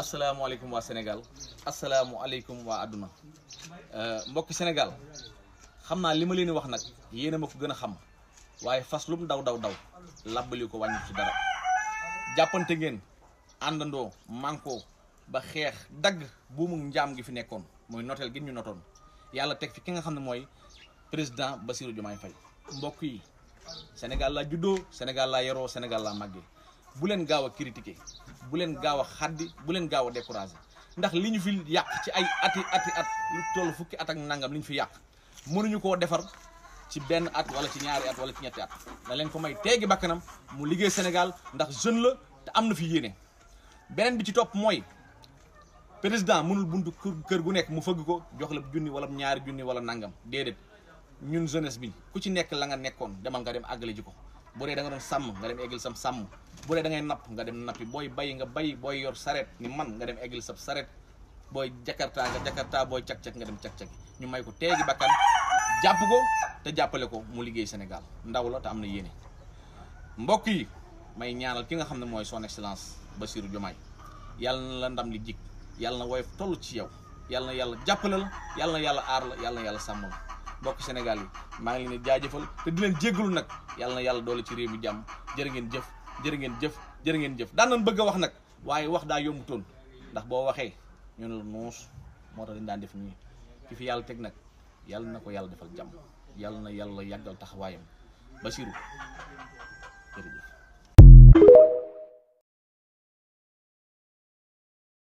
asalaamaaleykum waa Sénégal asalaamualeykum waa àdduna euh, mbokki Sénégal xam naa li ma leen di wax nag yéen a ma gën a xam waaye fas lum daw daw daw làbbali ko wàññi ci dara jàppante ngeen àndandoo mànkoo ba xeex dagg buumu njaam gi fi nekkoon mooy noteel gi ñu notoon yàlla teg fi ki nga xam ne mooy président Bassirou Diomaye Faye mbokk yi Sénégal laa juddoo Sénégal laa yaroo Sénégal laa màggee bu leen gaaw a critiquer bu leen gaaw a xaddi bu leen gaaw a décourager ndax li ñu fi yàq ci ay ati ati at lu toll fukki at ak nangam li fi yàq mënuñu koo defar ci benn at wala ci ñaari at wala ci ñetti at la leen ko may teegi bakkanam mu liggéey Sénégal ndax jeune la te am na fi yéene beneen bi ci topp mooy président mënul buntu kër gu nekk mu fëgg ko jox la junni wala ñaari junni wala nangam déedéet ñun jeunesse bi ku ci nekk la nga nekkoon demal nga dem àggale ji ko bu dee da nga ada sam nga dem egil sam sam bu dee da ngay yang nga dem nappi boy bay nga bay boy yor saret ni man nga dem egil sa saret Boy jakarta nga jakarta boy cak-cak nga dem cak-cak ñu may ko teegi bakkan japp ko te jappale ko mu liggey senegal ndaw la ta amna yene mbokk yi may ñaanal ki nga xamne moy son excellence basirou Diomaye yalla na la ndam li jik yalla na woyof tollu ci yow yalla na yalla jappale la yalla na yalla ar la yalla na yalla sammal mbokk Sénégal yi maa ngi leen di jaajëfal te di leen jéggalu nag yàlla na yàlla doole ci réew mi jàmm jërë ngeen jëf jër ngeen jëf jërë ngeen jëf daan bëgg a wax nag waaye wax daa yombutoon ndax boo waxee ñu ne la noos moo tax dañ daan def nii ki fi yàlla teg nag yàlla na ko yàlla defal jàmm yàlla na yàlla yàggal taxawaayam Basiru